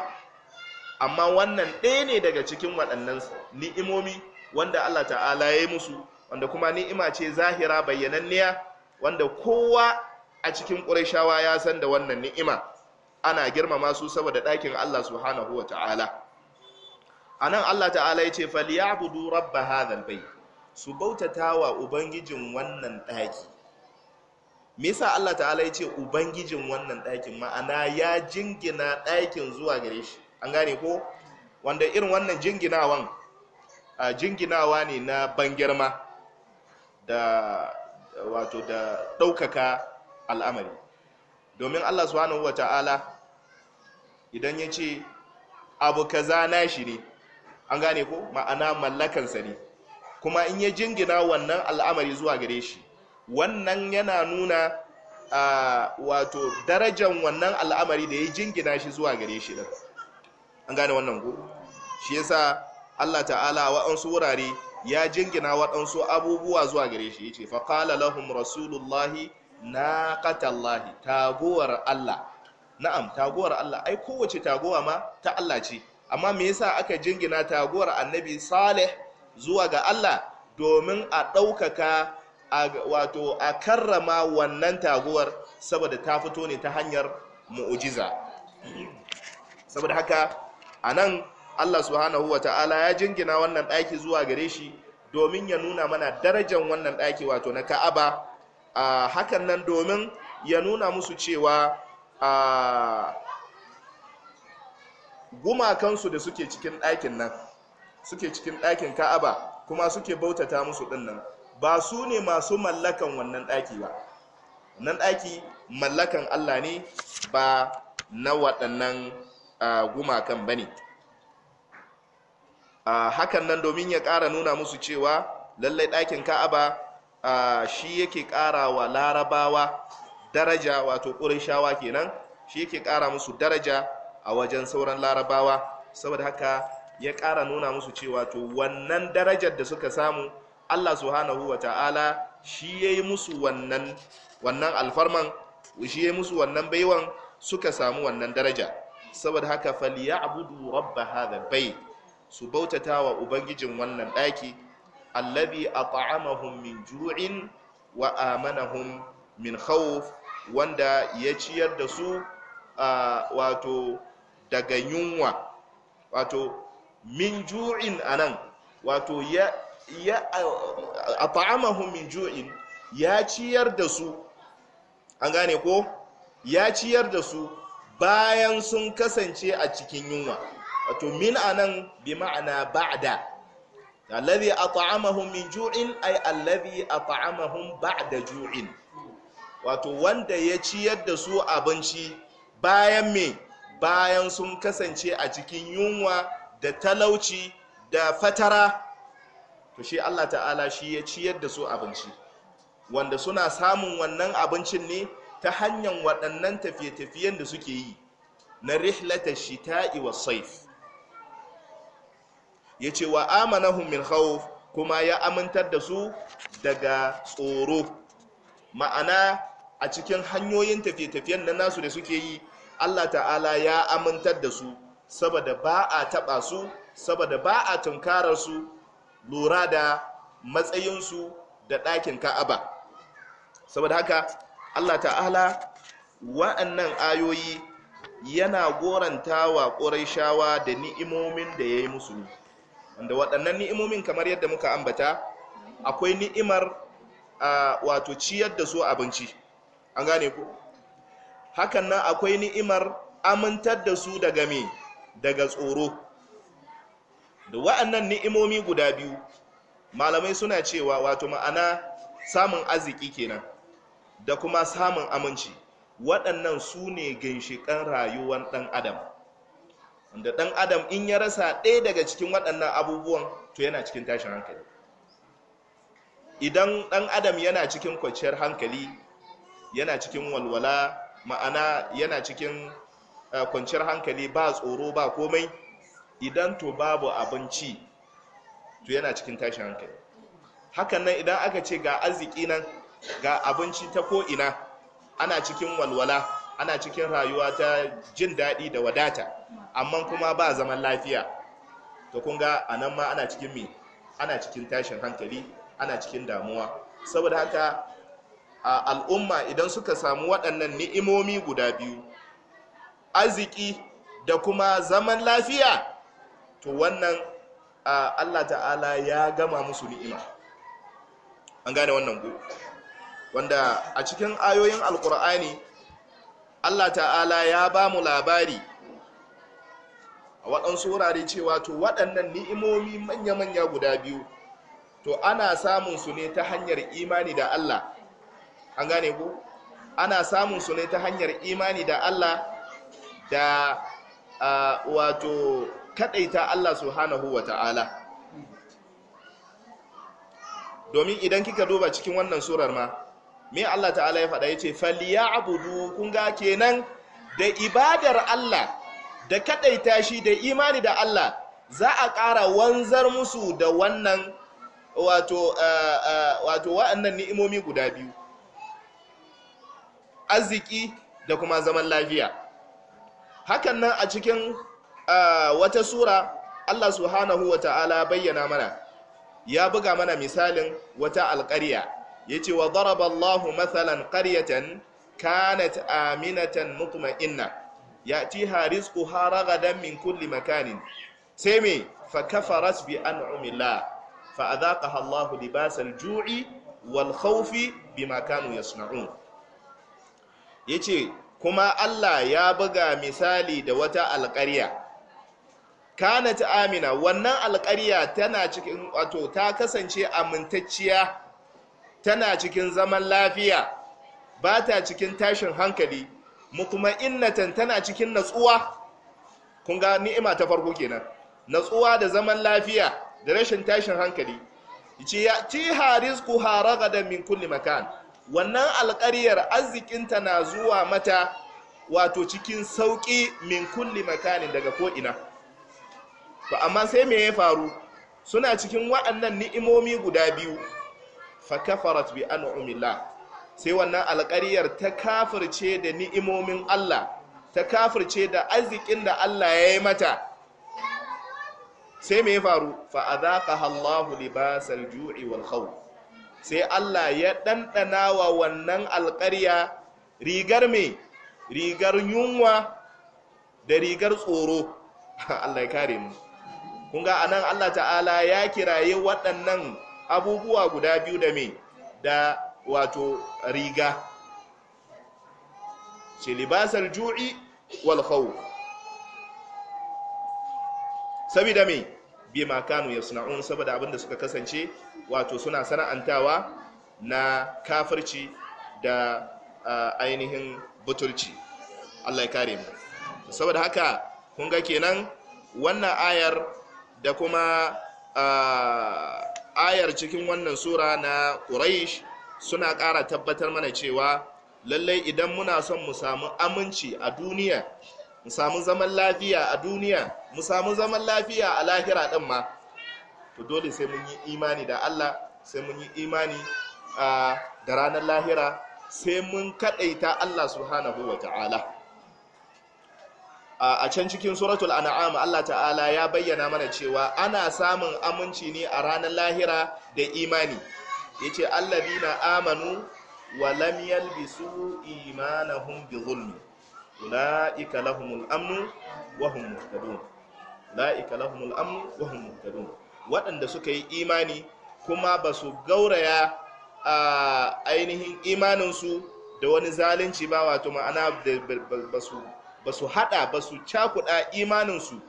amma wannan ɗaya ne daga cikin waɗannan ni'imomi wanda Allah ta'ala ya yi musu wanda kuma ni'ima ce zahira bayyananniya wanda kowa a cikin ƙurashawa ya san da wannan ni'ima ana girmama su saboda ɗakin Allah subhanahu wa ta'ala a nan Allah ta'ala ya ce budu rabba hadhal bai su bautata wa ubangijin wannan ɗaki me yasa Allah ta'ala ya ce ubangijin wannan ɗakin ma'ana ya jingina ɗakin zuwa gare shi an gane ko wanda irin wannan jinginawan jinginawa ne na bangirma da wato da ɗaukaka al'amari domin allah subhanahu wa ta'ala idan ya ce abu kaza na shi ne an gane ko ma'ana mallakansa ne kuma in ya jingina wannan al'amari zuwa gare shi wannan yana nuna wato darajan wannan al'amari da ya jingina shi zuwa gare shi da, an gane wannan ko shi yasa allah ta'ala wa'ansu wurare ya jingina waɗansu abubuwa zuwa gare shi yace fa lahum rasulullahi naqatallahi taguwar Allah na'am taguwar Allah ai kowace taguwa ma ta Allah ce amma me yasa aka jingina taguwar annabi Saleh zuwa ga Allah domin a ɗaukaka wato a karrama wannan taguwar saboda ta fito ne ta hanyar mu'ujiza saboda haka a nan Allah subhanahu wa ta'ala ya jingina wannan ɗaki zuwa gare shi domin ya nuna mana darajan wannan ɗaki wato na ka'aba a hakan nan domin ya nuna musu cewa a gumakansu da suke cikin ɗakin nan suke cikin ɗakin ka'aba kuma suke bautata musu ɗin nan ba su ne masu mallakan wannan ɗaki ba nan ɗaki mallakan allah ne ba na waɗannan gumakan ba ne hakan nan domin ya ƙara nuna musu cewa lallai ɗakin ka'aba shi yake ƙara wa larabawa daraja wato ƙurishawa kenan shi yake ƙara musu daraja a wajen sauran larabawa saboda haka ya kara nuna musu cewa to wannan darajar da suka samu allah subhanahu wa ta'ala shi ya yi musu wannan alfarman shi ya yi musu wannan baiwan suka samu wannan daraja saboda haka faliya abudu rabba hadha bai. su bautata wa ubangijin wannan ɗaki allabi a ta'amahun min ju'in wa amanahun min khawf wanda ya ciyar da su wato daga yunwa wato min ju'in anan wato ya a ta'amahun min ju'in ya ciyar da su an gane ko ya ciyar da su bayan sun kasance a cikin yunwa wato min anan bi ma'ana ba'da alladhi at'amahum min ju'in ay alladhi at'amahum ba'da ju'in wato wanda ya ciyar da su abinci bayan me bayan sun kasance a cikin yunwa da talauci da fatara to shi Allah ta'ala shi ya ciyar da su abinci wanda suna samun wannan abincin ne ta hanyar waɗannan tafiye-tafiyen da suke yi na rihlata shita'i wa saif ya ce wa amanahum min kuma ya amintar da su daga tsoro ma'ana a cikin hanyoyin tafiye-tafiyen na nasu da suke yi allah ta'ala ya amintar da su saboda ba a taɓa su saboda ba a tunkarar su lura da matsayinsu da ɗakin ka'aba saboda haka allah ta'ala wa'annan ayoyi yana goranta wa ƙorai shawa da ni'imomin da ya yi musu wanda waɗannan ni'imomin kamar yadda muka ambata akwai ni'imar wato ciyar da su abinci an gane ku hakan nan akwai ni'imar amintar da su daga me daga tsoro da waɗannan ni'imomi guda biyu malamai suna cewa wato ma'ana samun arziki kenan da kuma samun aminci waɗannan su ne ginshiƙan rayuwar ɗan adam wanda ɗan adam in ya rasa ɗaya daga cikin waɗannan abubuwan to yana cikin tashin hankali idan ɗan adam yana cikin kwanciyar hankali yana cikin walwala ma'ana yana cikin eh, kwanciyar hankali ba tsoro ba komai idan to babu abinci to yana cikin tashin hankali hakan nan idan aka ce ga arziki nan ga abinci ta ko'ina ana cikin walwala ana cikin rayuwa ta jin daɗi da wadata amma kuma ba zaman lafiya to kun ga a nan ma ana cikin mi ana cikin tashin hankali ana cikin damuwa saboda haka al'umma idan suka samu waɗannan ni'imomi guda biyu arziki da kuma zaman lafiya to wannan allah ta'ala ya gama musu ni'ima an gane wannan ku wanda a cikin ayoyin alkur'ani Allah ta'ala ya ba mu labari a waɗansu wurare cewa to waɗannan ni'imomi manya-manya guda biyu to ana samun su ne ta hanyar imani da Allah an gane ku ana samun su ne ta hanyar imani da Allah da wato wato kadaita Allah subhanahu wa ta'ala domin idan kika duba cikin wannan surar ma me Allah ta'ala ya faɗa ya yace falyabudu kun ga kenan da ibadar Allah da kaɗaita shi da imani da Allah za a ƙara wanzar musu da wannan wato wa'annan ni'imomi guda biyu arziki da kuma zaman lafiya hakan nan a cikin wata sura Allah subhanahu wa ta'ala bayyana mana ya buga mana misalin wata alƙarya yace wa daraba Allahu mathalan qaryatan kanat aminatan mutma'inna yatiha rizquha ragadan min kulli makanin sai me fa kafaras bi la fa adaqaha Allahu libasal ju'i wal khawfi bima kanu Ya yace kuma Allah ya buga misali da wata alƙarya kanat amina wannan alƙarya tana cikin wato ta kasance amintacciya tana cikin zaman lafiya ba ta cikin tashin hankali mu kuma innatan tana cikin natsuwa kun ga ni'ima ta farko kenan natsuwa da zaman lafiya da rashin tashin hankali yace ya ci harisku haraga da min kulli makan wannan alƙaryar arzikinta na zuwa mata wato cikin sauki min kulli makanin daga ko'ina to amma sai me ya faru suna cikin waɗannan ni'imomi guda biyu fakafarat bi an'umillah sai wannan alƙaryar ta kafirce da ni'imomin Allah ta kafirce da arzikin da Allah ya yi mata sai mai faru fa'azaqaha Allahu libasal ju'i wal sai Allah ya ɗanɗana wa wannan alƙarya rigar mai rigar yunwa da rigar tsoro (laughs) Allah ya kare mu kun ga anan Allah ta'ala ya kiraye waɗannan abubuwa guda biyu da me da wato riga ce libasar ju'i wal khawf saboda me bi makanu yasna'un saboda abinda suka kasance wato suna sana'antawa na kafirci da ainihin butulci Allah ya kare mu saboda haka kun ga kenan wannan ayar da kuma ayar cikin wannan sura na Quraysh suna ƙara tabbatar mana cewa lallai idan muna son mu samu aminci a duniya mu samu zaman lafiya a duniya mu samu zaman lafiya a lahira ɗin ma to dole sai mun yi imani da allah sai mun yi imani da ranar lahira sai mun kaɗaita allah subhanahu wa ta'ala a can cikin suratul an'am Allah ta'ala ya bayyana mana cewa ana samun aminci ne a ranar lahira da imani yace alladina amanu wa lam yalbisu imanahum bi zulm ulaika lahumul amnu wa hum muhtadun ulaika lahumul amnu wa hum muhtadun waɗanda suka yi imani kuma ba su gauraya a ainihin imaninsu da wani zalunci ba wato ma'ana ba su ba su hada ba su cakuda imaninsu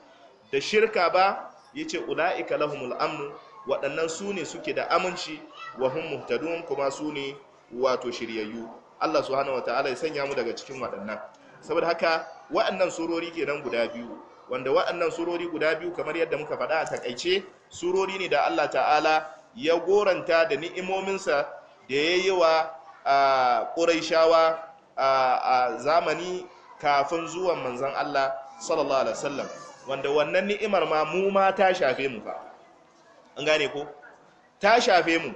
da shirka ba ya ce ula'ika lahumul amnu waɗannan su ne suke da aminci wa hun muhtadun kuma su ne wato shiryayyu Allah hana wataala ya sanya mu daga cikin waɗannan saboda haka waɗannan surori kenan guda biyu wanda waɗannan surori guda biyu kamar yadda muka faɗa a takaice surori ne da Allah ta'ala ya goranta da ni'imominsa da ya yi wa ƙuraishawa a zamani kafin zuwan manzan Allah sallallahu alaihi wasallam wanda wannan ni'imar ma mu ma ta shafe mu fa an gane ko ta shafe mu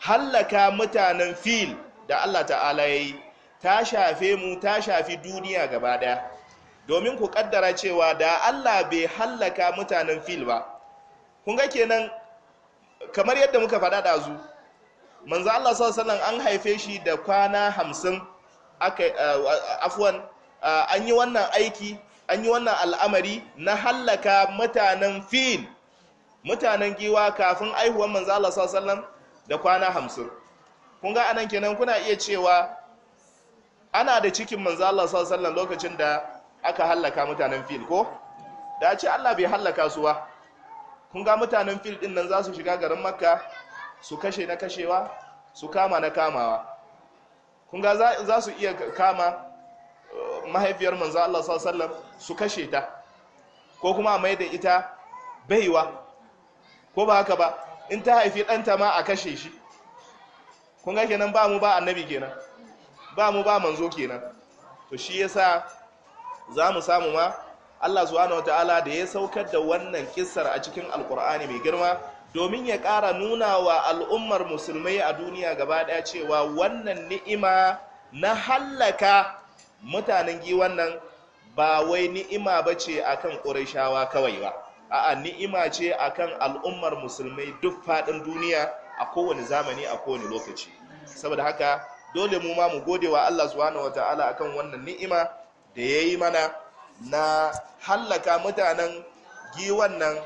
hallaka mutanen fil da Allah ta'ala yayi ta shafe mu ta shafi duniya gaba daya domin ku kaddara cewa da Allah bai hallaka mutanen fil ba kun ga kenan kamar yadda muka faɗa ɗazu manzo Allah sallallahu alaihi wasallam an haife shi da kwana 50 aka eh, afwan Ah, an yi wannan aiki an yi wannan al'amari na hallaka mutanen fil mutanen giwa kafin aihuwan manzo Allah sallallahu da kwana hamsin kun ga anan kenan kuna iya cewa ana da cikin manzo Allah sallallahu lokacin da aka hallaka mutanen fil ko da ce Allah bai hallaka su ba kun ga mutanen fil din nan za su shiga garin makka su kashe na kashewa su kama na kamawa kun ga za su iya kama mahaifiyar manzo Allah sallallahu su kashe ta ko kuma mai da ita baiwa ko ba haka ba in ta haifi ɗanta ma a kashe shi kun ga kenan ba mu ba annabi kenan ba mu ba manzo kenan to shi yasa za mu samu ma Allah subhanahu ta'ala da ya saukar da wannan kissar a cikin alkur'ani mai girma domin ya ƙara nuna wa al'ummar musulmai a duniya gaba ɗaya cewa wannan ni'ima na hallaka mutanen giwan nan ba wai ni'ima ba ce a kan ƙurashawa kawai ba a'a ni'ima ce a kan al'ummar musulmai duk faɗin duniya a kowane zamani a kowane lokaci saboda haka dole mu ma mu gode wa allah subhanahu wata'ala akan wannan ni'ima da ya yi mana na hallaka mutanen giwan nan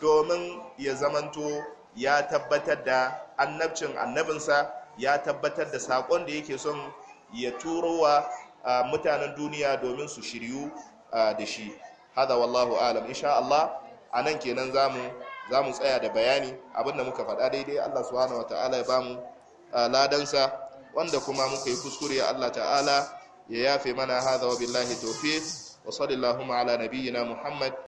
domin ya zamanto ya tabbatar da annabcin annabinsa ya tabbatar da saƙon da yake son ya wa. mutanen duniya domin su shiryu da shi hada wallahu alam insha Allah a nan kenan zamu tsaya da bayani abinda muka faɗa daidai Allah subhanahu wataala ya bamu ladansa wanda kuma muka yi kuskure Allah ta'ala ya yafe mana hada wa billahi tofi wa sallallahu ala nabiyyina Muhammad